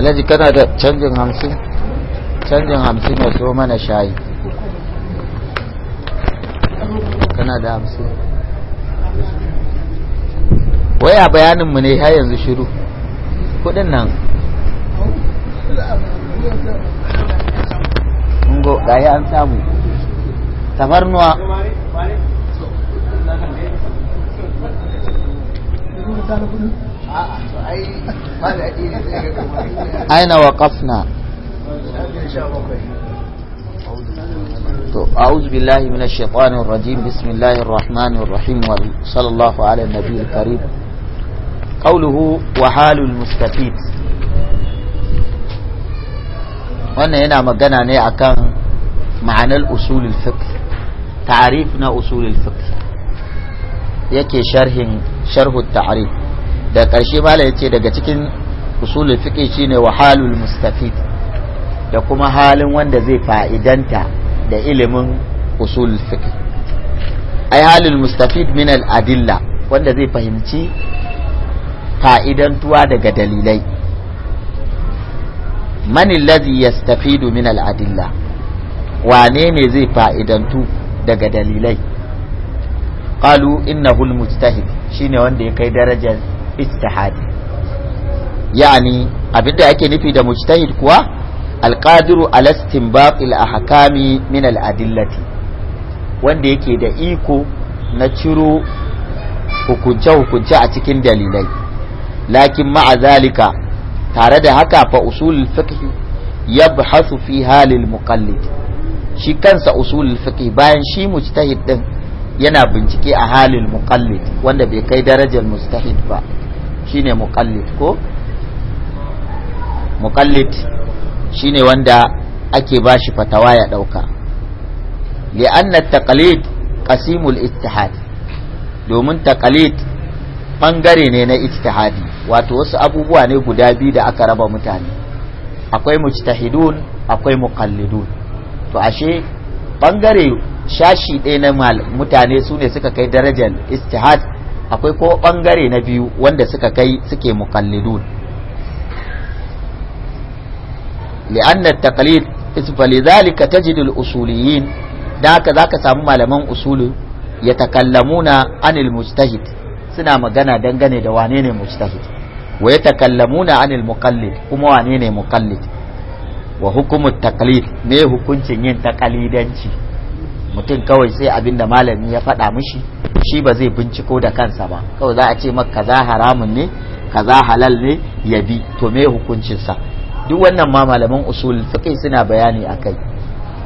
alhaji kana da canjin hamsin canjin hamsin ya so mana shayi kana da hamsin waya bayaninmu ne ya yanzu shiru kudin nan ungo gaye an samu tabarnuwa Thank you. أين وقفنا أعوذ بالله من الشيطان الرجيم بسم الله الرحمن الرحيم وصلى الله على النبي الكريم قوله وحال المستفيد وانا هنا مجانا ne akan معنى الاصول الفقه تعريفنا اصول الفقه يكي شرح شرح التعريف da ƙarshe mala ya ce daga cikin usulul fiƙi shine wa halul mustafid da kuma halin wanda zai fa'idanta da ilimin usulul fiƙi ai halul mustafid min adilla wanda zai fahimci fa'idantuwa daga dalilai lazi ya yastafidu min al'adilla wane ne zai fa'idantu daga dalilai qalu innahu al-mujtahid shine wanda ya kai darajar ijtihadi yani abinda yake nufi da mujtahid kuwa alqadiru ala istinbat ahkami min al-adillati wanda yake da iko na ciro hukunce-hukunce a cikin dalilai lakin ma'a zalika tare da haka fa usulul fiqh yabhasu fi halil muqallid shi kansa usulul fiqh bayan shi mujtahid din yana bincike a halil muqallid wanda bai kai darajar mustahid ba shine ko shi shine wanda ake bashi fatawa ya ɗauka li'anna taqlid qasimul ittihad domin taqlid ɓangare ne na ittihadi wato wasu abubuwa ne guda biyu da aka raba mutane akwai mujtahidun akwai muqallidun to ashe ɓangare shashi ɗaya na mutane su suka kai darajar istihad akwai ko bangare na biyu wanda suka kai suke muqallidun li'anna at-taqlid falidhalika tajidu al-usuliyin da haka zaka samu malaman usulu takallamuna anil mujtahid suna magana dangane da wane ne mujtahid wa takallamuna anil muqallid kuma wane ne muqallid wa hukumu taqlid ne hukuncin yin takalidanci. mutum kawai sai abin da malami ya faɗa mishi shi ba zai binciko da kansa ba kawai za a ce maka kaza haramun ne kaza halal ne ya bi to me hukuncinsa duk wannan ma malaman usul fiqh suna bayani akai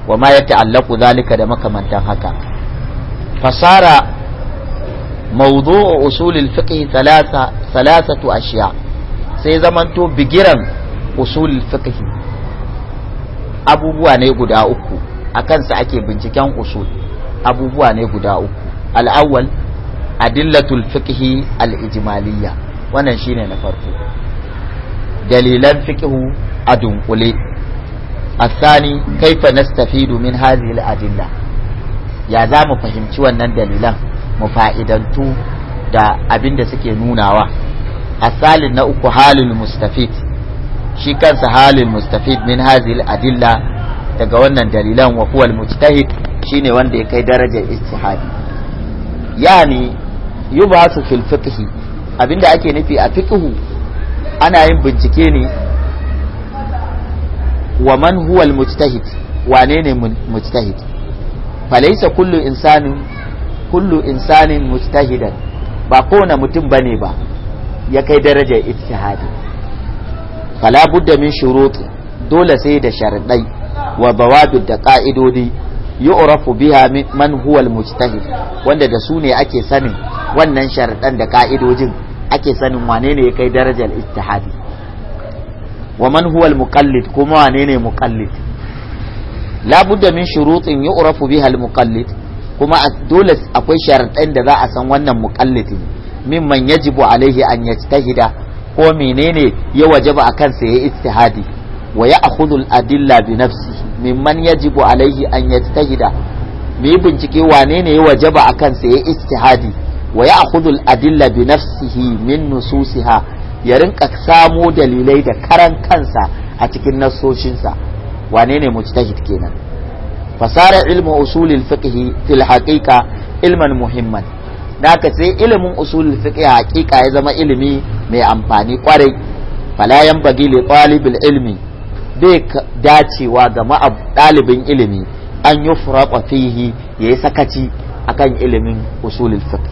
wa ma yata'allaqu zalika da makamantan haka fasara mawdu'u usul al-fiqh thalatha thalathatu ashiya sai zamanto bigiran usul al-fiqh abubuwa ne guda uku a kansa ake binciken usul abubuwa ne guda uku al'awwal adillatul fiqhi al-ijmaliyya wannan shine na farko dalilan fiqhu a dunkule الثاني كيف نستفيد من هذه الأدلة يا ذا مفهم شو أن دليلا مفائدا تو دا أبين دا سكي نوناوا الثالث نأكو حال المستفيد شي كان حال المستفيد من هذه الأدلة daga wannan dalilan wa huwa mujtahid shine wanda ya kai darajar ijtihadi yani yubasu fil fiqh abinda ake nufi a fiqhu ana yin bincike ne wa man huwa al-mujtahid wane ne mujtahid falaysa kullu insanin kullu insanin mujtahidan ba kowane mutum bane ba ya kai darajar ijtihadi fala budda min shurut dole sai da sharadai wa bawabid da ka'idodi yu'rafu biha man huwa al-mujtahid wanda da su ne ake sanin wannan sharadan da ka'idojin ake sanin wane ne ya kai darajar ijtihadi wa man huwa al-muqallid kuma wane ne muqallid la budda min shurutin yu'rafu biha al-muqallid kuma dole akwai sharadan da za a san wannan muqallid mimman yajibu alaihi an yajtahida ko menene ya wajaba akan sa ya ijtihadi wa ya akhudul adilla bi nafsihi mimman yajibu alaihi an yajtahida mu yi bincike wanene ya ya wajaba akan sa ya istihadi wa ya akhudul adilla bi nafsihi min nususiha ya rinka samo dalilai da karan kansa a cikin nassoshinsa wane ne mujtahid kenan fasara ilmu usulil fiqh fil haqiqa ilman muhimman naka sai ilimin usulil fiqh haqiqa ya zama ilimi mai amfani kwarai fala yanbaghi li talibil ilmi bai dacewa ga ɗalibin ilimi an yi furaɓa fihi ya yi sakaci akan ilimin usulul fiqh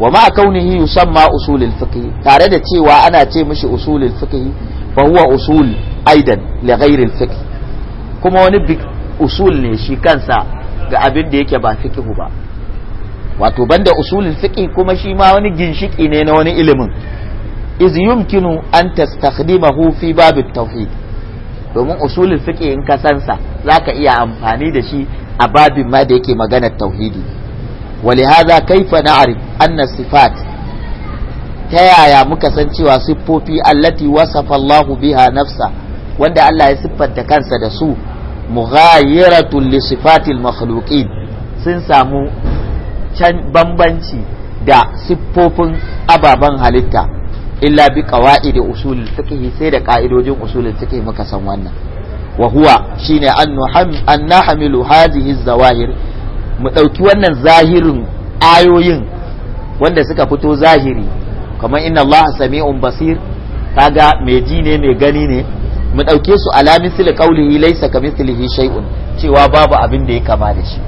wa ma kaunihi yusamma usulul fiqh tare da cewa ana ce mishi usulul fiqh fa huwa usul aidan li ghairi al kuma wani big usul ne shi kansa ga abin da yake ba fiqh ba wato banda usulul fiqh kuma shi ma wani ginshiki ne na wani ilimin iz yumkinu an tastakhdimahu fi babit tawhid domin usulin suke in ka sansa ka iya amfani da shi a babin ma da yake maganar tauhidi walihaza kaifa na'rif anna sifat ta yaya muka san cewa siffofi allati wasafa Allah biha nafsa wanda Allah ya siffanta kansa da su mughayiratun li sifatil makhluqin sun samu can bambanci da siffofin ababen halitta illa bi qawaid usul fiqh sai da ka'idojin usul fiqh muka san wannan wa huwa shine an nahmilu hadhihi zawahir mu dauki wannan zahirin ayoyin wanda suka fito zahiri kamar inna Allah sami'un basir kaga mai ji ne mai gani ne mu dauke su ala misli qawlihi laysa kamithlihi shay'un cewa babu abin da ya kama da shi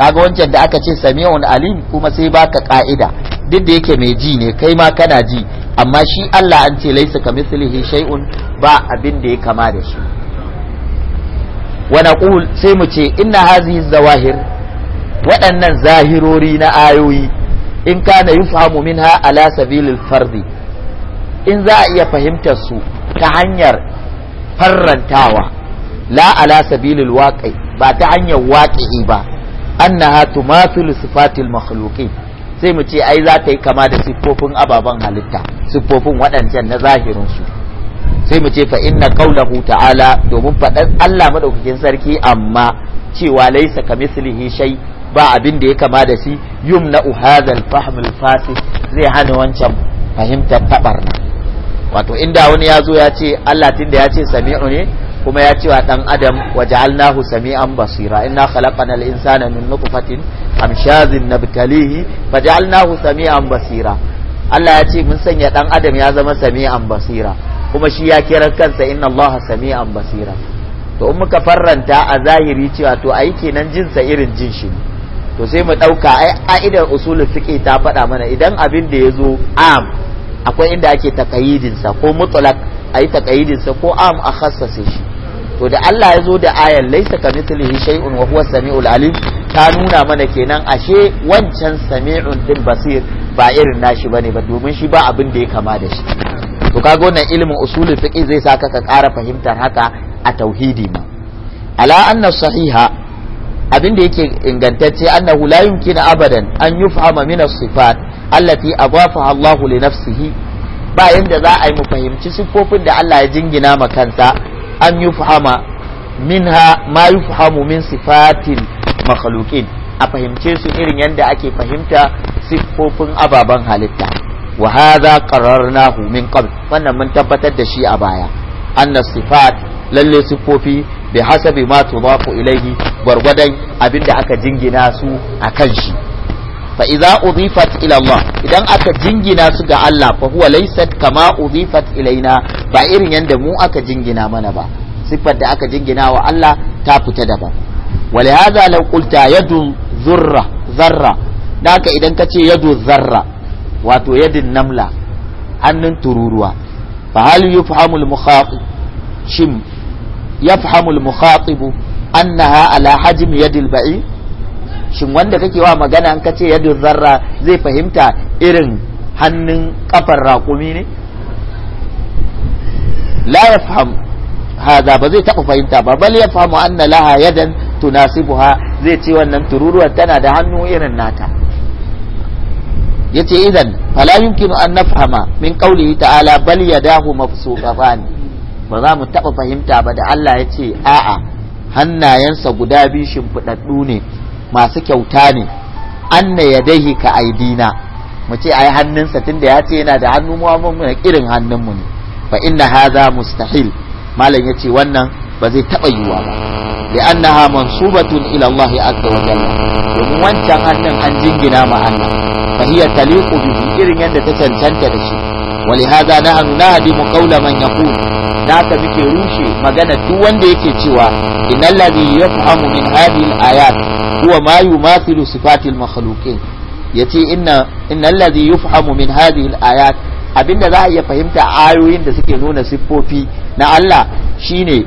kaga wancan da aka ce sami'un alim kuma sai baka ka'ida duk da yake mai ji ne kai ma kana ji amma shi Allah an ce laisa ka mislihi shay'un ba abin da ya kama da shi wa naqul sai mu ce inna hazihi zawahir waɗannan zahirori na ayoyi in kana yufhamu minha ala sabilil fardi in za a iya fahimtar su ta hanyar farrantawa la ala sabilil waqi ba ta hanyar waqi'i ba annaha tumathilu sifatil makhluqin sai mu ce ai za ta yi kama da siffofin ababen halitta siffofin waɗancan na zahirinsu sai mu ce fa inna kaulahu ta'ala domin faɗan Allah madaukakin sarki amma cewa laisa kamislihi shay ba abin da ya kama da shi yumna na al-fahm al zai hana wancan fahimtar tabarna wato inda wani ya zo ya ce Allah tunda ya ce sami'u ne kuma ya ce wa Adam adam al'nahu sami'an basira inna khalaqanal insana min nutfatin amshazin nabtalihi faja'alnahu sami'an basira Allah ya ce mun sanya ɗan adam ya zama sami'an basira kuma shi ya kira kansa inna Allah sami'an basira to in muka farranta a zahiri cewa to ai kenan jin sa irin jin shi to sai mu dauka ai a'idar usulul fiqh ta faɗa mana idan abin da yazo am akwai inda ake taqayidin sa ko mutlaq ayi taqayidin sa ko am a khassasa shi to da Allah ya zo da ayan laisa ka shay'un wa huwa samiul alim ta nuna mana kenan ashe wancan sami'un din basir ba irin nashi bane ba domin shi ba abin da ya kama da shi to kaga wannan ilimin usulul fiqh zai saka ka kara fahimtar haka a tauhidi ma ala anna sahiha abin da yake ingantacce annahu la yumkinu abadan an yufhama min as-sifat allati adafaha Allah li nafsihi ba yanda za a yi mu fahimci siffofin da Allah ya jingina ma kansa an min ha ma fahamu min sifatin a fahimce su irin yadda ake fahimta siffofin ababen halitta wa na hu min qabl wannan mun tabbatar da shi a baya anna sifat lalle siffofi bi hasabi ma tudafu ilayhi gwargwadon abinda aka jingina su a kan shi fa idza udhifat ila Allah idan aka jingina su ga Allah fa huwa laysat kama udhifat ilaina ba irin yadda mu aka jingina mana ba siffar da aka jingina wa Allah ta fita daban ولهذا لو قلت يد ذرة ذرة naka idan kace ce zarra wato yadin namla hannun tururuwa fa hal yufhamu al-mukhatib shim yafhamu al-mukhatib annaha ala hajm yadi al-ba'i shin wanda kake wa magana an kace yadu zarra zai fahimta irin hannun kafar raƙumi ne la ya fahim hada ba zai taɓa fahimta ba bal ya yafhamu anna laha yadan tunasibuha zai ce wannan tururuwar tana da hannu irin nata yace idan fala yumkinu an nafhama min qawlihi ta'ala bal yadahu mabsuqatan ba za mu taɓa fahimta ba da Allah ya ce a'a hannayensa guda biyu shimfiɗaɗɗu ne masu kyauta ne anna yadaihi ka aidina mu ce ai hannunsa tunda ya ce yana da hannu mu amma irin hannunmu ne fa inna hadha mustahil malam yace wannan ba zai taba yiwa ba li annaha mansubatun ila Allah azza wa jalla domin wancan hannun an jingina ma Allah fa hiya taliqu bi irin yadda ta cancanta da shi ولهذا نحن نهدم man yaqul da ka muke rushe magana duk wanda yake cewa innal ladhi yafhamu min hadhihi al-ayat huwa ma yumathilu sifatil makhluqin yace inna innal ladhi yufhamu min hadhihi al-ayat abinda za a iya fahimta ayoyin da suke nuna siffofi na Allah shine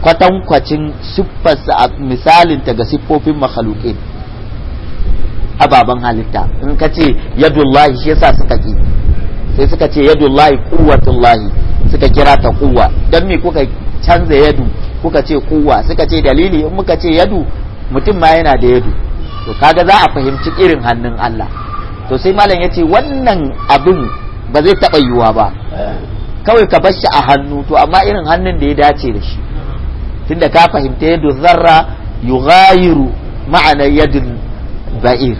kwatankwacin siffarsa a misalin ta ga siffofin makhluqin ababan halitta in ka ce yadullahi shi yasa suka ki sai suka ce yadullahi quwwatullahi suka kira ta kuwa dan me kuka canza yadu kuka ce kuwa suka ce dalili in muka ce yadu mutum ma yana da yadu to kaga za a fahimci irin hannun Allah to sai malam ya ce wannan abin ba zai taɓa yiwuwa ba kawai ka bar shi a hannu to amma irin hannun da ya dace da shi tunda ka fahimta yadu zarra yughayiru ma'ana yadin ba'ir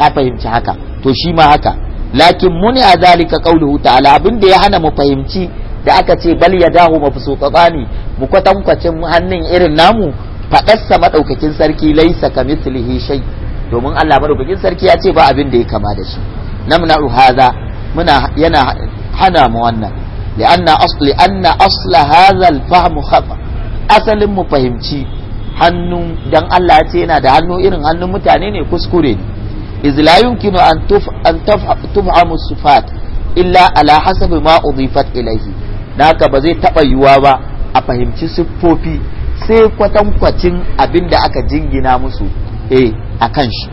ka fahimci haka to shi ma haka lakin muni a zalika qauluhu ta'ala abin da ya hana mu fahimci da aka ce bal yadahu ne mu kwatankwacin hannun irin namu faɗarsa maɗaukakin sarki laisa ka domin Allah maɗaukakin sarki ya ce ba abin da ya kama da shi namna'u hadha muna yana hana mu wannan li'anna asli anna asla khata asalin mu fahimci hannu dan Allah ya ce yana da hannu irin hannun mutane ne kuskure ne iz la yumkinu an tuf an tufhamu sifat illa ala hasabi ma udifat ilayhi naka ba zai taba yiwuwa ba a fahimci siffofi sai kwatankwacin abin da aka jingina musu e a kan shi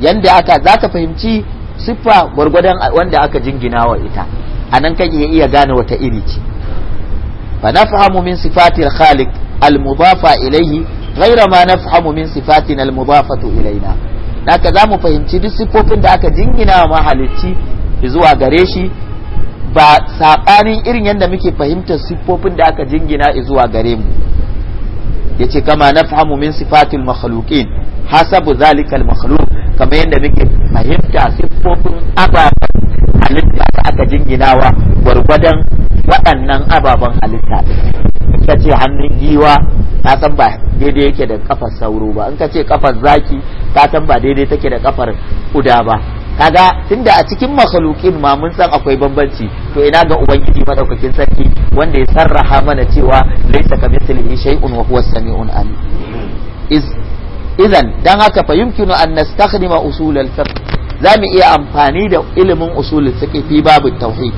yadda aka za ka fahimci siffa gwargwadon wanda aka jingina wa ita a nan kan iya iya gane wata iri ce fa nafhamu min sifatil khaliq al mudafa ilayhi ghayra ma nafhamu min sifatina al mudafatu ilayna haka za mu fahimci duk siffofin da aka jingina wa mahalicci zuwa gare shi ba saɓanin irin yadda muke fahimtar siffofin da aka jingina zuwa gare mu yace kama nafhamu min sifatil makhluqin hasabu zalikal makhluq kamar yadda muke fahimta siffofin ababen halitta da aka jinginawa gwargwadon waɗannan ababen halitta in ka ce hannun giwa ka san ba daidai yake da kafar sauro ba in ka ce kafar zaki ka san ba daidai take da kafar kuda ba kaga tunda a cikin makhluqin ma mun san akwai bambanci to ina ga ubangiji madaukakin sarki wanda ya sarraha mana cewa laysa kamithlihi shay'un wa huwa as-sami'un alim idan dan haka fa yumkinu an nastakhdima usul al zamu iya amfani da ilimin usul al-fiqh fi babu tauhid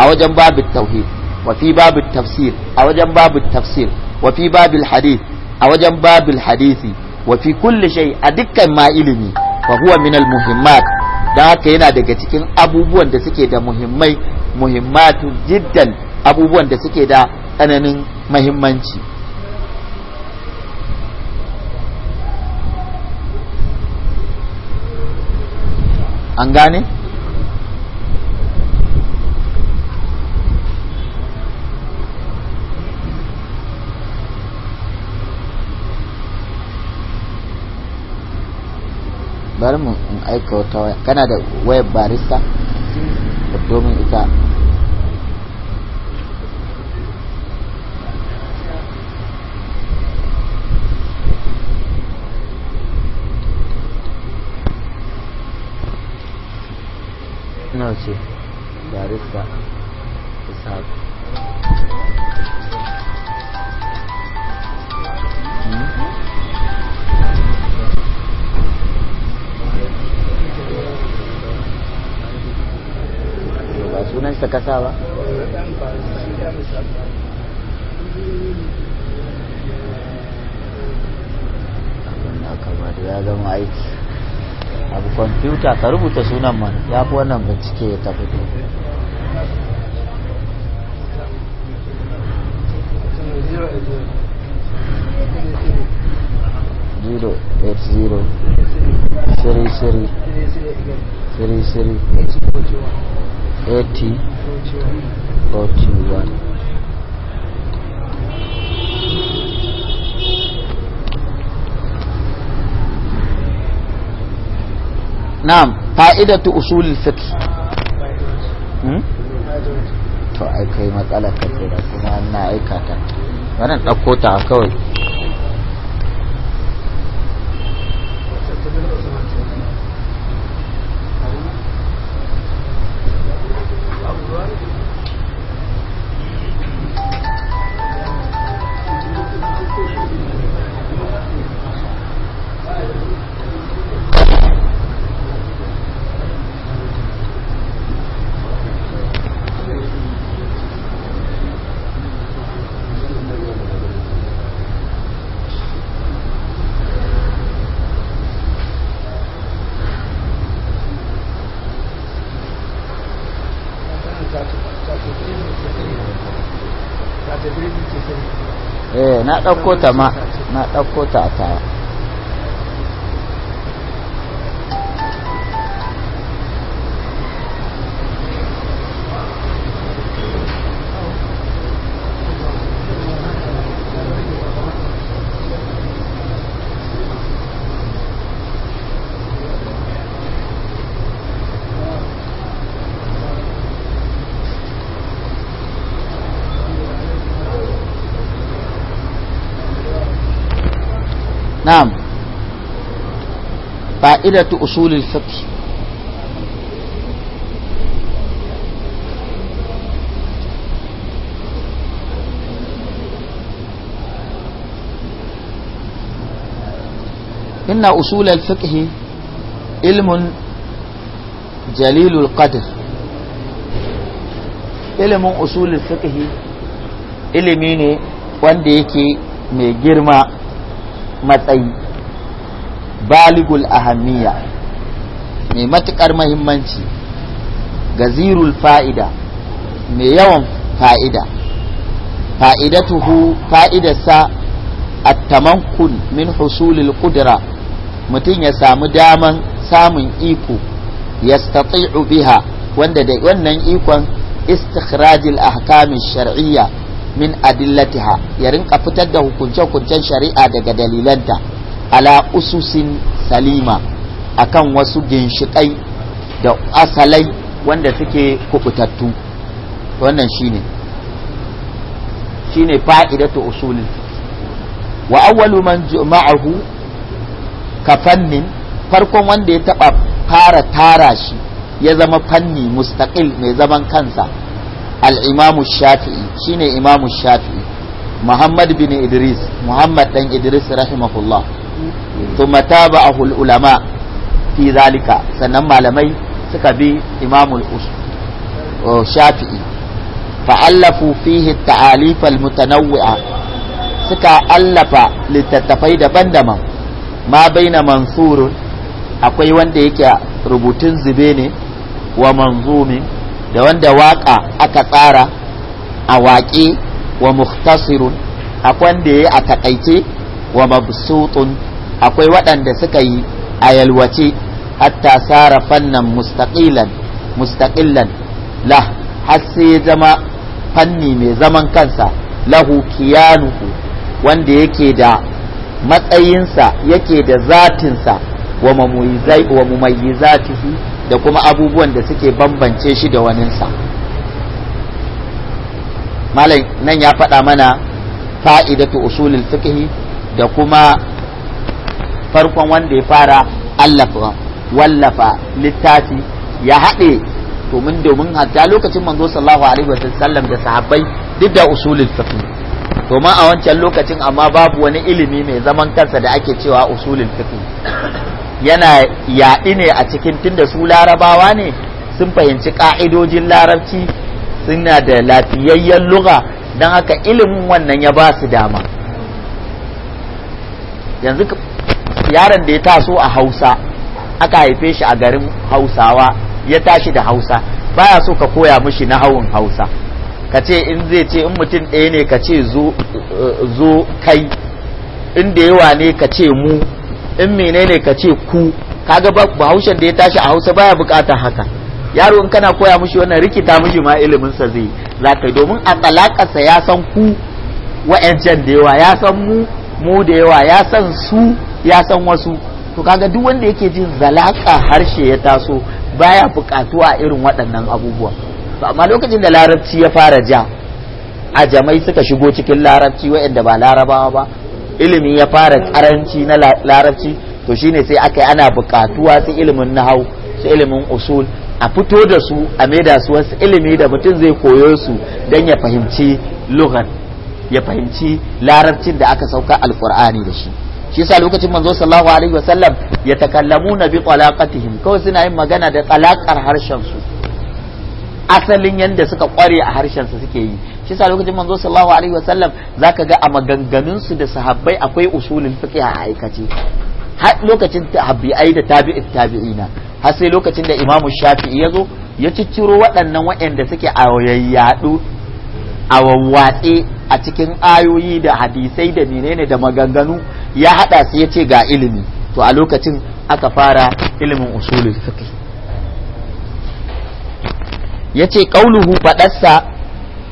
a wajen babu tauhid wa fi babu tafsir a wajen babu tafsir wa fi babu hadith a wajen babu hadisi wa fi kulli shay a dukkan ma ilimi fa huwa min al-muhimmat da haka yana daga cikin abubuwan da suke da muhimmai muhimmatu jiddan abubuwan da suke da tsananin mahimmanci an gane? bari mu in aika wata waya kana da wayar barista domin ita ina ce barista ishaq sunansa kasa ba ya zama aiki abu kwamfuta ka rubuta sunan man ya fi wannan bincike ya tafi zero zero نعم فائدة أصول الفكر تو أي كي مسألة كثيرة أنا أي كاتا وانا أقوتها كوي na ɗauko ta ma na ɗauko ta a tawa قاعدة أصول الفقه إن أصول الفقه علم جليل القدر علم أصول الفقه ilimi ne wanda yake mai girma matsayi baligul ahammiya mai matuƙar mahimmanci gazirul fa'ida mai yawan fa'ida fa'idatuhu fa'idarsa attamankun min husulil kudura mutum ya samu daman samun iko ya biha wanda da wannan ikon istikhrajil ahkamin shar'iyya min adillatiha ya rinka fitar da hukunce-hukuncen shari'a daga dalilanta ala ususin salima akan wasu ginshiƙai da asalai wanda suke kubutattu wannan shine shine fa'idatu usulin wa awwalu man ma'ahu kafannin farkon wanda ya taɓa fara tara shi ya zama fanni mustaqil mai zaman kansa al-imamu shafi'i shine imamu shafi'i muhammad bin idris muhammad dan idris rahimahullah thumma taba'ahu ulama fi zalika sannan malamai suka bi imamul shafi'i fa'allafu fihi ta'alif al-mutanawwi'a suka allafa littattafai daban-daban ma baina mansurun akwai wanda yake rubutun zube ne wa manzumi da wanda waka aka tsara a waƙe wa muhtasirun akwai wanda ya a takaice wa mabsutun akwai waɗanda suka yi a yalwace hatta sara fannan mustaqilan mustaqillan la har sai zama fanni mai zaman kansa lahu kiyanuhu wanda yake da matsayinsa yake da zatinsa wa mumayyizatihi da kuma abubuwan da suke bambance shi da waninsa malam nan ya faɗa mana fa'idatu usulul fiqhi da kuma farkon wanda ya fara allafa wallafa littafi ya haɗe domin domin hatta lokacin manzo sallallahu alaihi wa sallam da sahabbai duk da usulul fiqh domin a wancan lokacin amma babu wani ilimi mai zaman kansa da ake cewa usulul fiqh yana yaɗi ne a cikin tunda su larabawa ne sun fahimci ka'idojin larabci suna da lafiyayyen lugha don haka ilimin wannan ya ba su dama yanzu yaron da ya taso a hausa aka haife shi a garin hausawa ya tashi da hausa baya so ka koya mishi na hawan hausa ka ce in zai ce in mutum ɗaya ne ka ce zo kai in da yawa ne ka ce mu in menene ka ce ku kaga bahaushen da ya tashi a hausa baya bukatar haka yaro in kana koya mishi wannan rikita mishi ma iliminsa zai za ka domin a talakarsa ya san ku wa'yancan da yawa ya san mu mu da yawa ya san su ya san wasu to kaga duk wanda yake jin zalaka harshe ya taso baya bukatuwa irin waɗannan abubuwa to amma lokacin da larabci ya fara ja a jamai suka shigo cikin larabci waɗanda ba larabawa ba ilimi ya fara karanci na larabci to shine sai aka yi ana bukatuwa sai ilimin nahau su ilimin usul a fito da su a maida su wasu ilimi da mutum zai koyo su don ya fahimci lugan ya fahimci larabcin da aka sauka alqur'ani da shi shi yasa lokacin manzo sallallahu alaihi wasallam ya takallamuna bi qalaqatihim kawai suna yin magana da talaqar harshen su asalin yanda suka kware a harshen su suke yi shi yasa lokacin manzo sallallahu alaihi wasallam zaka ga a maganganun su da sahabbai akwai usulin fiqh a aikace har lokacin tabi'ai da tabi'i tabi'ina har sai lokacin da imamu shafi'i ya zo ya cicciro waɗannan waɗanda suke a yayyadu a wawwatse a cikin ayoyi da hadisai da menene da maganganu ya hada su ya ce ga ilimi to a lokacin aka fara ilimin usulul fiqh yace qauluhu fadarsa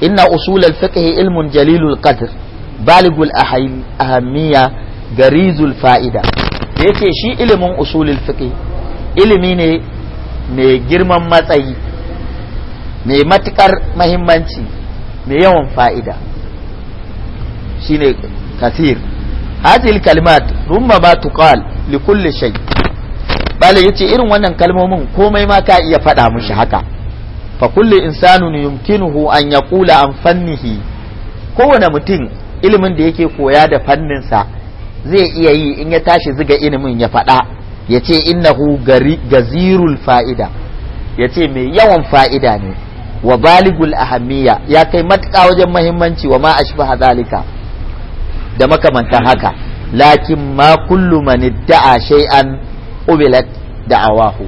inna usulul fiqh ilmun jalilul qadr baligul ahammiya garizul fa'ida yace shi ilimin usulul fiqh ilimi ne mai girman matsayi mai matukar mahimmanci mai yawan fa'ida shine kathir hadhihi kalimat rumma ba tuqal li kulli shay bale yace irin wannan kalmomin komai ma ka iya faɗa mushi haka fa kulli insanun yumkinuhu an yaqula an fannihi kowane mutum ilimin da yake koya da fanninsa zai iya yi in ya tashi ziga ilimin ya faɗa yace ce innahu gazirul fa'ida yace mai yawan fa'ida ne wa baligul ahammiya ya kai matuƙa wajen mahimmanci wa ma ashbaha zalika da makamantan haka lakin ma kullu man da'a shay'an qubilat da'awahu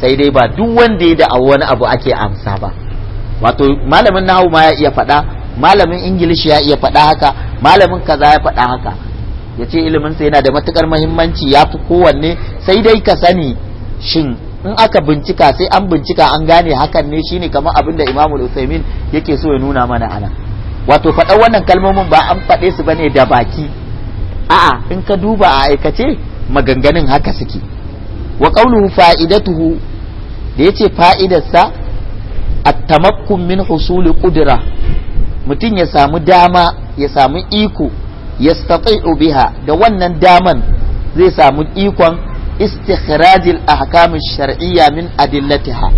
sai dai ba duk wanda ya da'a wani abu ake amsa ba wato malamin nahu ma ya iya faɗa malamin ingilishi ya iya faɗa haka malamin kaza ya faɗa haka ya ce iliminsa yana da matukar mahimmanci ya fi kowanne sai dai ka sani shin in aka bincika sai an bincika an gane hakan ne shine kamar abin da imamul usaimin yake so ya nuna mana ana wato faɗa wannan kalmomin ba an faɗe su bane da baki a'a in ka duba a aikace maganganun haka suke wa qawluhu fa'idatuhu da yace fa'idarsa at-tamakkun min husuli qudrah mutum ya samu dama ya samu iko yastati'u biha da wannan daman zai samu ikon istikhrajil ahkam shar'iyya min adillatiha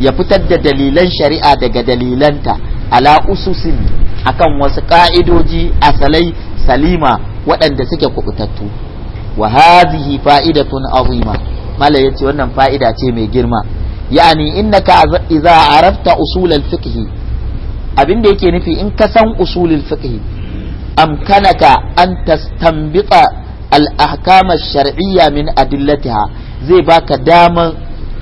ya fitar da dalilan shari'a daga dalilanta ala ususin akan wasu ka'idoji asalai salima waɗanda suke kuɓutattu wa fa'ida fa'idatun azima mala yace wannan fa'ida ce mai girma yani innaka idza arafta usul al abinda yake nufi in ka san usul al amkanaka an tastanbita al-ahkam shariyya min adillatiha zai baka damar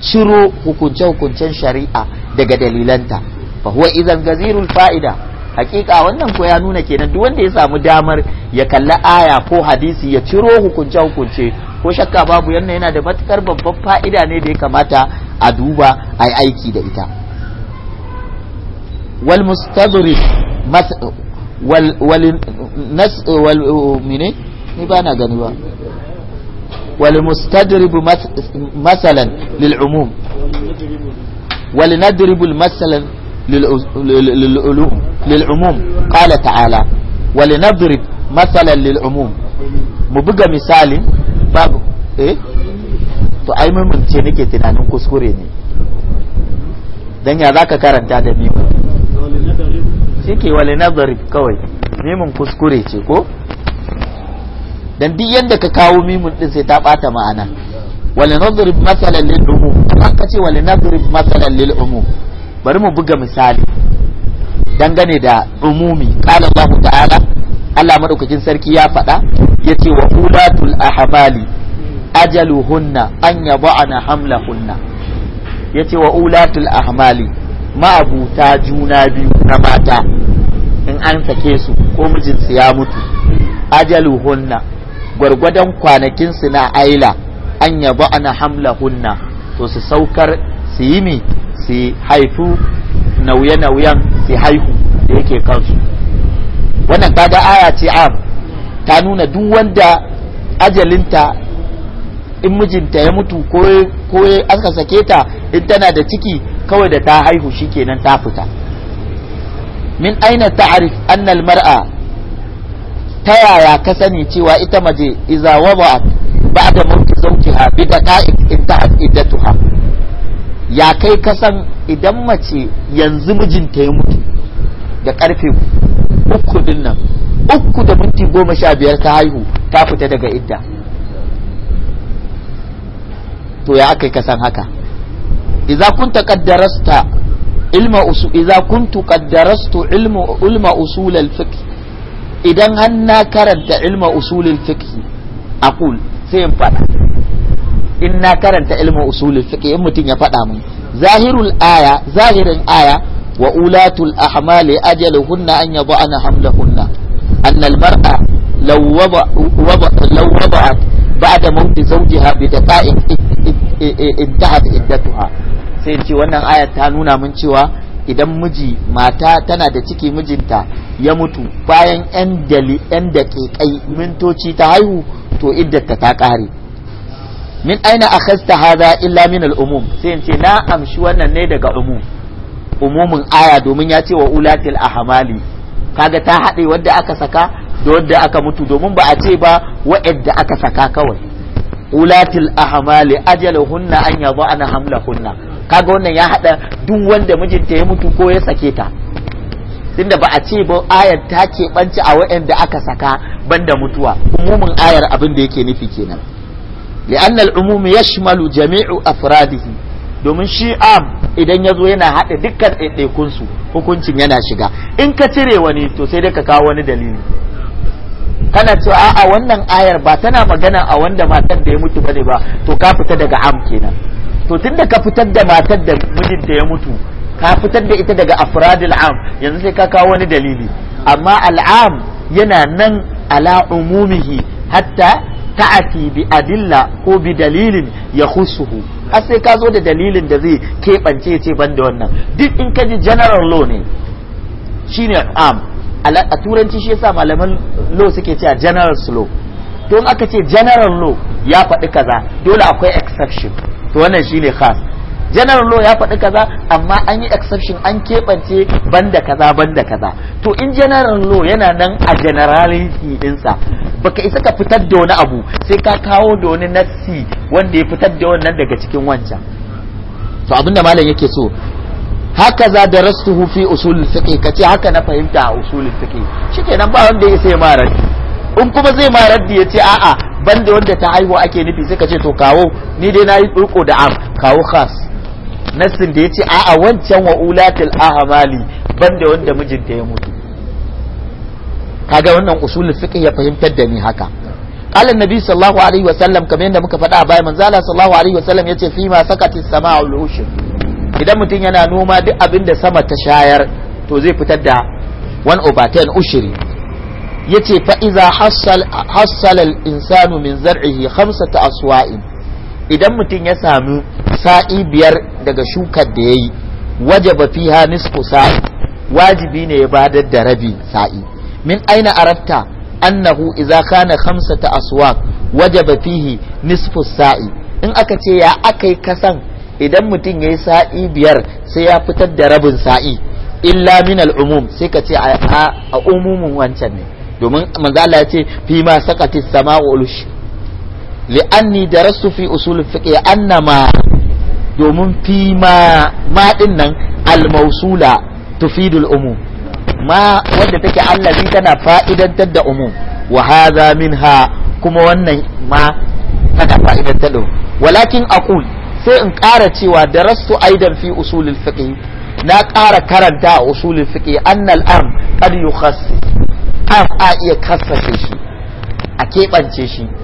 ciro hukunce-hukuncen shari'a daga dalilanta fa huwa idan gazirul fa'ida hakika wannan ko ya nuna kenan duk wanda ya samu damar ya kalli aya ko hadisi ya ciro hukunce hukunce ko shakka babu yana yana da matukar babban fa'ida ne da ya kamata a duba a yi aiki da ita wal mustadrif mas wal wal nas wal mine ni ba na gani ba wal mustadrib masalan lil umum wal nadribu masalan للعموم قال تعالى ولنضرب مثلا للعموم مبقى مثال باب ايه تو اي mun mance nake tunanin kuskure ne dan ya zaka karanta da mimu shike wale nazari kawai dan duk yanda ka kawo mimun din sai ta bata ma'ana wale nadrib masalan lil umum ka ce wale nadrib masalan lil umum bari mu buga misali dangane da umumi qala Allah ta'ala Allah madaukakin sarki ya faɗa yace wa ulatul ajalu ajaluhunna an yad'ana hamlahunna yace wa ulatul ahmali ma'abuta juna biyu na mata in an sake su ko mijinsu ya mutu ajaluhunna gwargwadon kwanakinsu na aila an yaba ana hamlahunna to su saukar su yi mi su haifu nauye-nauyen su haihu da yake kansu wannan kaga aya ce am ta nuna duk wanda ajalinta in mijinta ya mutu ko aka sake ta in tana da ciki kawai da ta haihu shikenan ta fita min aina ta'arif annal mar'a ta yaya ka sani cewa ita maje iza da ba'da zauki zawjiha bi da daqa'iq intahat iddatuha ya kai kasan idan mace yanzu mijinta ya mutu da karfe uku din nan uku da minti goma sha biyar ta haihu ta fita daga idda to ya aka kasan haka idza kunta qaddarasta ilma usul idza kuntu qaddarastu ilma ulma usul al-fiqh idan har na karanta ilma usul al-fiqh aqul sai in fada in na karanta ilmin usulul fiqh in mutum ya faɗa mun zahirul aya zahirin aya wa ulatul ahmali ajaluhunna an yad'ana hamlahunna anna al mar'a law wada law wada'at ba'da mawt zawjiha bi daqa'in intahat iddatuha sai ce wannan aya ta nuna mun cewa idan miji mata tana da ciki mijinta ya mutu bayan 'yan daƙiƙai mintoci ta haihu to iddata ta ƙare min aina akhasta hadha illa min al-umum sai in ce na amshi wannan ne daga umum umumin aya domin ya ce wa ulatil ahmali kaga ta haɗe wanda aka saka da wanda aka mutu domin ba a ce ba wa'adda aka saka kawai ulatil ahmali ajaluhunna an yadhana hamlahunna kaga wannan ya haɗa duk wanda mijinta ya mutu ko ya sake ta tunda ba a ce ba ayar ta keɓance a wa'anda aka saka banda mutuwa umumin ayar abin da yake nufi kenan li'an العموم يشمل جميع jami'u afradihi domin shi am idan ya zo yana haɗa dukkan ɗaiɗaikunsu hukuncin yana shiga in ka cire wani to sai dai ka kawo wani dalili kana cewa a'a wannan ayar ba tana magana a wanda matar da ya mutu bane ba to ka fitar daga am kenan to tunda ka fitar da matar da mijinta ya mutu ka fitar da ita daga afradil am yanzu sai ka kawo wani dalili amma al'am yana nan ala umumihi hatta ta'ati bi adilla ko bi dalilin ya husuhu a sai ka zo da dalilin da zai keɓance ce ban da wannan duk in ka ji general law ne shine am a turanci shi yasa malaman law suke cewa general law to in aka ce general law ya faɗi kaza dole akwai exception to wannan shine khas general law ya faɗi kaza amma an yi exception an keɓance banda kaza banda kaza to in general law yana nan a generality ɗinsa baka isa ka fitar da wani abu sai ka kawo da wani nassi wanda ya fitar da wannan daga cikin wancan to abinda malam yake so haka za da rastuhu fi usulul ka kace haka na fahimta a usulul fiqh nan ba wanda ya sai ma raddi in kuma zai ma raddi yace a'a banda wanda ta haihu ake nufi sai ce to kawo ni dai yi turko da am kawo khas nassin da ya ce a'a wancan wa ulatil ahmali banda wanda mijinta ya mutu kaga wannan usulul fiqh ya fahimtar da ni haka qala annabi sallallahu alaihi wa sallam kamar yadda muka faɗa a baya manzo Allah sallallahu alaihi wa sallam yace fi ma idan mutum yana noma duk abin da sama ta shayar to zai fitar da 1 over 10 ushiri yace fa iza hassal hassal al insanu min zar'ihi khamsata aswa'in idan mutum ya sami sa'i biyar daga shukar da ya yi wajaba fiha nisfu sa'i wajibi ne ya badar da rabi sa'i min aina arafta annahu idza kana khamsata aswaq wajaba fihi nisfu sa'i in aka ce ya akai kasan idan mutum yayi sa'i biyar sai ya fitar da rabin sa'i illa min al'umum sai ka ce a umumin wancan ne domin manzo Allah ya ce fi ma saqatis sama'u li'anni darastu fi usul fiƙe annama domin fi ma ma nan al-mawsula tufidul umu ma wanda take allazi tana fa'idantar da umu wa hadha minha kuma wannan ma tana fa'idantar da walakin aqul sai in ƙara cewa darastu aidan fi usulul fiƙe na ƙara karanta a usulul fiƙe annal am qad yukhassis am a iya kassace shi a keɓance shi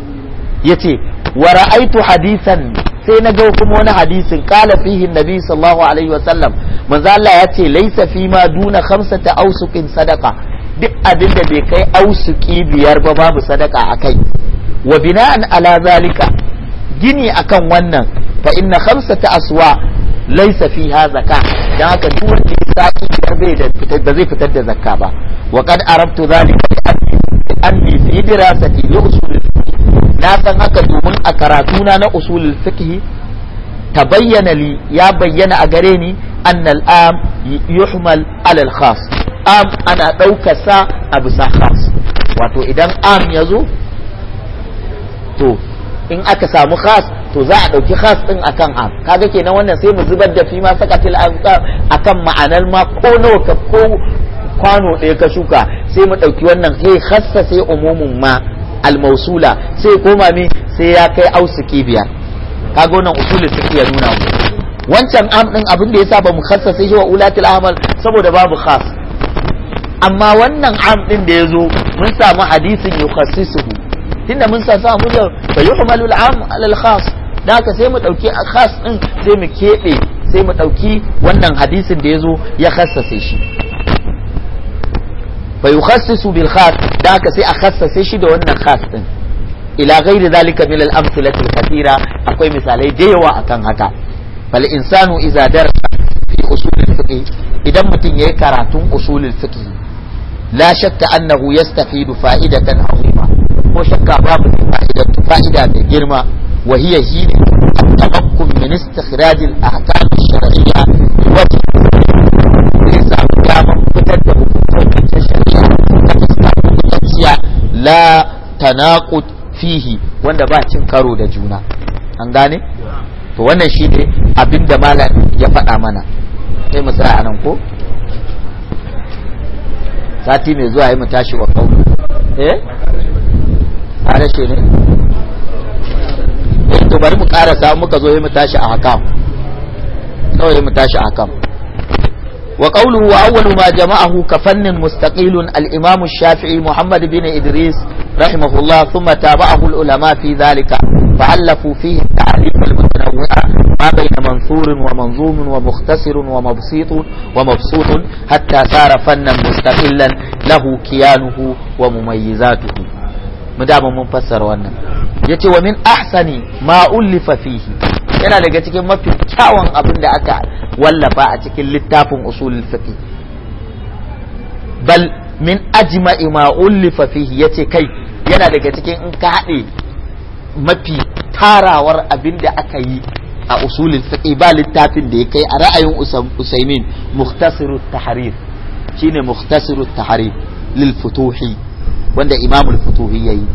yace wa ra'aitu hadisan sai na ga kuma wani hadisin kala fihi annabi sallallahu alaihi wa sallam manzo Allah fi ma duna khamsata awsuqin sadaqa duk abin da bai kai ausuki biyar ba babu sadaka akai wa bina'an ala zalika gini akan wannan fa inna khamsata aswa laysa fiha zakka dan haka duk wanda ya saki bai da fitar da zai fitar da zakka ba wa qad arabtu zalika anni fi dirasati yusul na san haka domin a karatuna na usulul fiqh tabayyana li ya bayyana a gare ni annal am yuhmal alal khas am ana ɗaukar sa a bisa khas wato idan am ya zo to in aka samu khas to za a ɗauki khas ɗin akan am kaga kenan wannan sai mu zubar da fi ma sakatil akan ma'anar ma ko nawa ka ko kwano ɗaya ka shuka sai mu ɗauki wannan sai eh, khassa sai ma almausula sai koma me sai ya kai ausuki biyar kaga wannan usulul fiqh ya nuna mu wancan am din abin da yasa ba mu khassasa shi wa ulatul ahmal saboda babu khas amma wannan am din da yazo mun samu hadisin yukhassisuhu tunda mun sa samu da fayuhmalu al-am ala khas da haka sai mu dauki khas din sai mu kebe sai mu dauki wannan hadisin da yazo ya khassasa shi fa yukhassisu bil khas da haka sai a khassase shi da wannan khas din ila ghairi zalika min al amthilati al kathira akwai misalai da yawa akan haka fal insanu idza darasa fi usulil fiqh idan mutum yayi karatun usulil fiqh la shakka annahu yastafidu fa'idatan azima ko shakka babu fa'ida fa'ida da girma wa hiya hiya tamakkun min istikhraj al ahkam al la tanaqut fihi wanda ba cin karo da juna an gane to wannan shine abinda malam ya faɗa mana sai mu tsaya anan ko sati mai zuwa yi mu tashi wa kawo eh a ne eh, to bari mu karasa muka zo yi mu tashi a hakam kawai mu tashi a hakam وقوله وأول ما جمعه كفن مستقيل الإمام الشافعي محمد بن إدريس رحمه الله ثم تابعه العلماء في ذلك فألفوا فيه التعليم المتنوعة ما بين منثور ومنظوم ومختصر ومبسيط ومبسوط حتى صار فنا مستقلا له كيانه ومميزاته مدام من فسر ومن أحسن ما ألف فيه yana daga cikin mafi kyawun abin da aka wallafa a cikin littafin usulul fiqh bal min ajma'i ma ullifa fihi yace kai yana daga cikin in ka haɗe mafi tarawar abin da aka yi a usulul fiqh ba littafin da ya kai a ra'ayin usaimin mukhtasirut tahrir shine mukhtasirut tahrir lil futuhi wanda imamul futuhi yayi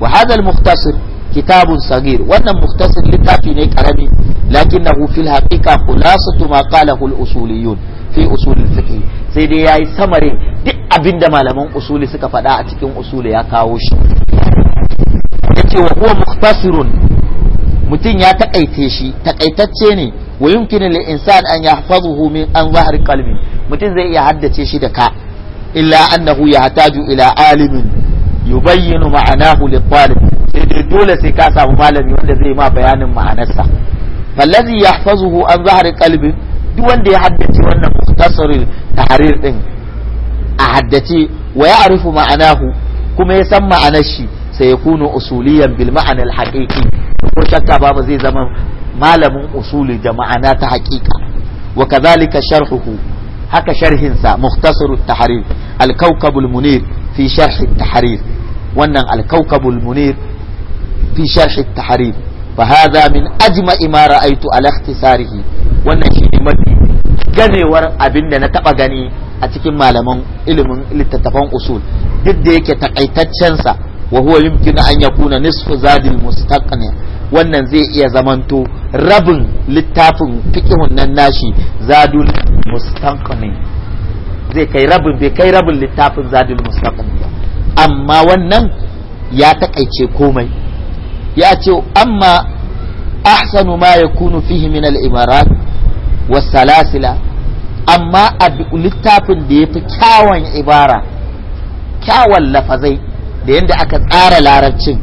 wa hadha al mukhtasir kitabun sagir wannan muktasir littafi ne karami lakinnahu fil haqiqa khulasatu ma qalahu al-usuliyun fi usul al sai dai yayi samare duk abinda malaman usuli suka faɗa a cikin usuli ya kawo shi yace wa huwa muktasirun mutum ya takaice shi takaitacce ne wa yumkinu lil insan an yahfazuhu min an zahri qalbi mutum zai iya haddace shi da ka illa annahu yahtaju ila alimin bayyana ma'anahu lit talib dole sai ka samu malami wanda zai ma bayanin ma'anarsa fallazi yahfazuhu an zahari qalbin duk wanda ya haddace wannan mukhtasarul tahrir din a haddace wa ya ya'rifu ma'anahu kuma ya san ma'anar shi sai ya kuno usuliyan bil ma'anal haqiqi ko shakka babu zai zama malamin usuli da ma'ana ta haqiqa wa kadhalika sharhuhu haka sharhinsa sa tahrir al-kawkabul munir fi sharh at-tahrir wannan al-kawkabul munir fi sharh at-tahrim fa hadha min ajma'i ma ra'aytu ala ikhtisarihi wannan shine mafi ganewar abin na taɓa gani a cikin malaman ilimin littattafan usul duk da yake takaitaccen sa wa huwa yumkinu an yakuna nisfu zadil mustaqni wannan zai iya zamanto rabin littafin nashi zadul mustaqni zai kai rabin bai kai rabin littafin zadul mustaqni ba amma wannan ya takaice komai ya ce amma ahsanu ma kunu fihi min al’imarat wa salasila amma a littafin da ya fi kyawun ibara kyawun lafazai da yadda aka tsara larabcin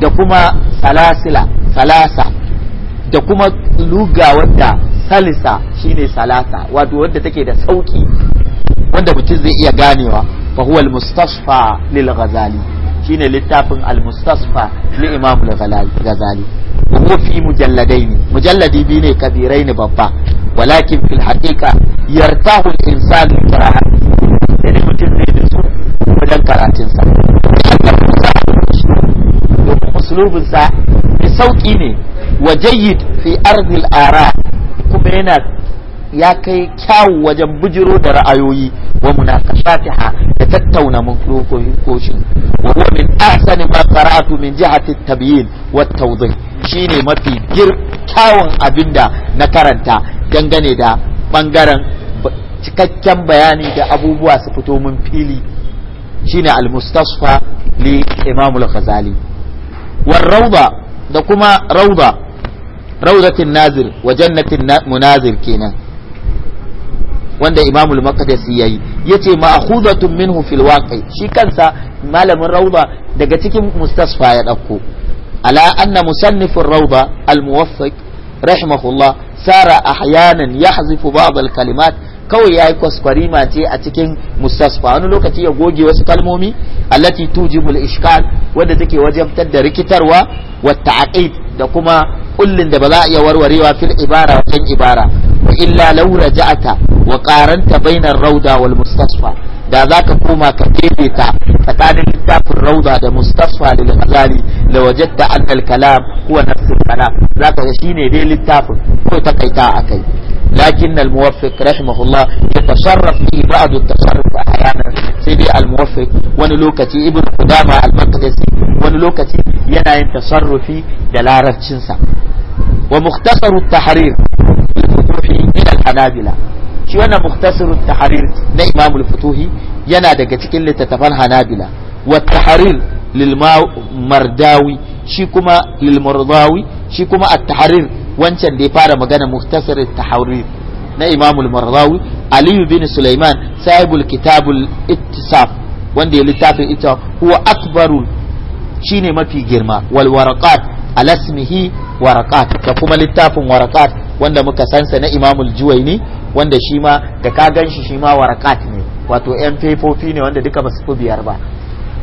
da kuma salasila salasa da kuma luga wadda salisa shine salasa wato wadda take da sauki wanda mutum zai iya ganewa fahuwal huwa lil ghazali shine littafin al-mustasfa li imam al-ghazali huwa fi mujalladaini mujalladi bi ne kabirai ne babba walakin fil haqiqa yartahu al-insan qira'a sai mutum zai da su wajen karatun sa uslubin sa sauki ne wa jayyid fi ardil ara kuma yana ya kai kyawu wajen bujiro da ra'ayoyi wa munakashatiha da tattauna mun koshin wa huwa min ahsani ma qara'tu min jihati at-tabyin wa at-tawdih shine mafi gir kyawun abinda na karanta dangane da bangaren cikakken bayani da abubuwa su fito mun fili shine al-mustasfa li Imam al-Ghazali war rawda da kuma rawda rawdatin nazir wa jannatin munazir kenan wanda Imam al-Maqdisi yi yace ma'khudatun minhu fil waqi shi kansa malamin Rawda daga cikin Mustasfa ya dauko ala anna musannifur Rawda al-Muwaffiq rahimahullah sara ahyanan yahzifu ba'd al-kalimat kawai yayi kwaskwarima ce a cikin mustasfa wani lokaci ya goge wasu kalmomi allati tujibul ishkal wanda take wajabtar da rikitarwa wa ta'aqid da kuma kullin da ba za a iya warwarewa fil ibara wajen ibara illa law raja'ata wa qaranta bainar rauda wal mustasfa da zaka koma ka daidaita tsakanin littafin rauda da mustasfa da ghazali da wajen da al kala huwa na al kalam zaka ga shine dai littafin ko takaita akai ya الموفق رحمه الله يتصرف في بعض sai dai al الموفق wani lokaci ibn qudama al-maqdisi wani lokaci yana yin tasarrufi da larabcinsa wa mukhtasar at-tahrir al-futuhi min al-hanabila shi wannan mukhtasar tahrir na imam al-futuhi yana daga cikin littattafan hanabila wa tahrir lil mardawi shi kuma lil mardawi shi kuma at-tahrir wancan da ya fara magana mukhtasar tahrir na imam al-mardawi ali bin sulaiman sahibul kitabul ittisaf wanda ya littafin ita huwa akbarul shine mafi girma wal waraqat alasmihi waraqat da kuma littafin waraqat wanda muka sansa na imamul juwaini wanda shi ma da ka gan shi ma warakat ne wato yan fefofi ne wanda duka basu fi biyar ba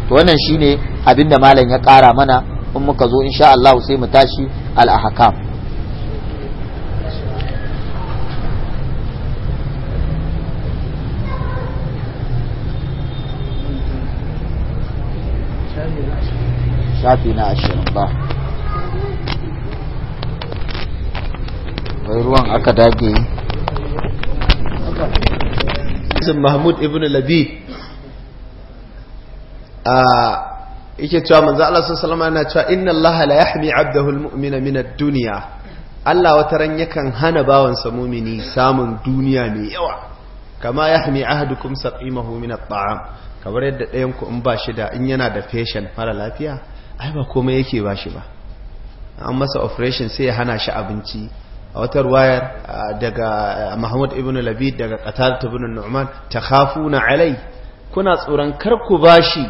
to wannan shine abin da malam ya kara mana in muka zo insha Allah sai mu tashi al ahkam shafi na ashirin ba wai ruwan aka dage sun mahmud ibn labi a yake cewa manzo Allah sun salama yana cewa inna Allah la yahmi abdahu mu'mina min ad-dunya Allah wata ran yakan hana bawansa mumini samun duniya mai yawa kama yahmi ahdukum saqimahu min at-ta'am kamar yadda ɗayan ku in ba shi da in yana da patient mara lafiya ai ba komai yake ba shi ba an masa operation sai ya hana shi abinci a wata ruwayar daga mahmud ibn Labid daga Qatar ibn Nu'man takhafuna alai kuna tsoron kar ku bashi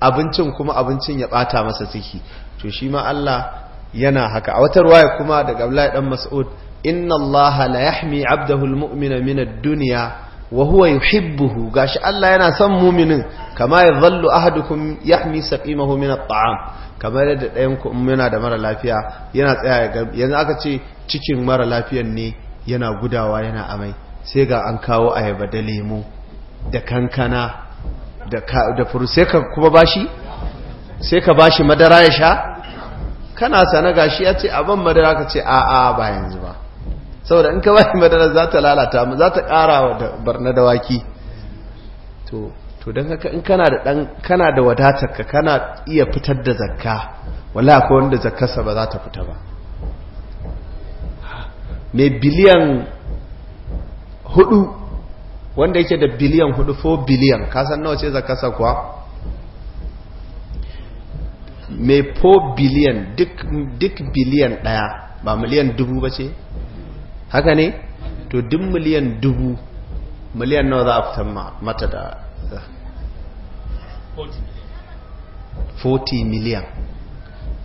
abincin kuma abincin ya bata masa ciki to shi ma Allah yana haka a wata ruwaya kuma daga Abdullahi ɗan Mas'ud inna Allah la yahmi 'abdahu al-mu'mina min ad wa huwa yuhibbuhu gashi Allah yana son muminin kama zallu ahadukum yahmi saqimahu min at-ta'am kamar yadda ɗayan ku yana da mara lafiya yana tsaya yanzu aka ce cikin mara lafiyan ne yana gudawa yana amai sai ga an kawo ayaba da lemu da kankana da da furu sai ka kuma bashi sai ka bashi madara ya sha kana sana gashi ya ce ban madara ka ce a'a ba yanzu ba saboda in ka ba shi madara za ta lalata mu za ta kara wa barna dawaki to to don haka in kana da dan kana da wadatarka kana iya fitar da zakka wala akwai wanda zakkarsa ba za ta fita ba mai biliyan hudu wanda yake da biliyan hudu 4 biliyan kasan nawa ce zakkasa kuwa mai 4 biliyan duk biliyan daya ba miliyan dubu ba ce haka ne to duk miliyan dubu miliyan nawa za a fitar mata da 40 miliyan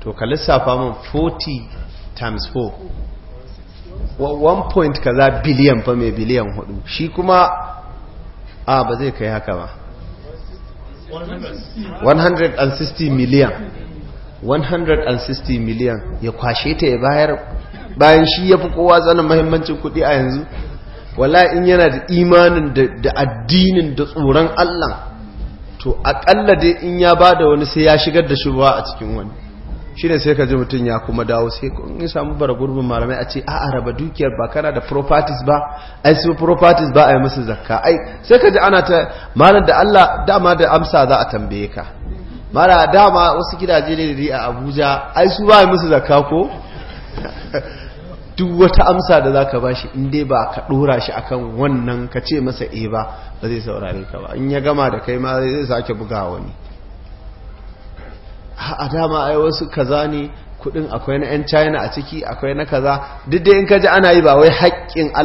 to ka lissafa man 40 times 4 1 point kaza biliyan fa mai biliyan hudu shi kuma a ba zai kai haka ba 160 miliyan 160 miliyan ya kwashe ta ya bayar bayan shi ya fi kowa tsanin mahimmancin kuɗi a yanzu wala in yana da imanin da addinin da tsoron Allah to aƙalla dai in ya ba da wani sai ya shigar da shi a cikin wani shi ne sai ka ji mutum ya kuma dawo sai kun yi samu bara gurbin malamai a ce a raba dukiyar ba kana da properties ba ai su properties ba a yi musu zakka ai sai ka ji ana ta malam da Allah dama da amsa za a tambaye ka mara dama wasu gidaje ne da a Abuja ai su ba a yi musu zakka ko duk wata amsa da za ka ba shi inda ba ka ɗora shi akan wannan ka ce masa e ba ba zai saurare ka ba in ya gama da kai ma zai sake buga wani a dama ai wasu kaza ne kudin akwai na 'yan china a ciki akwai na kaza duk da in ka ji ana yi ba wai haƙƙin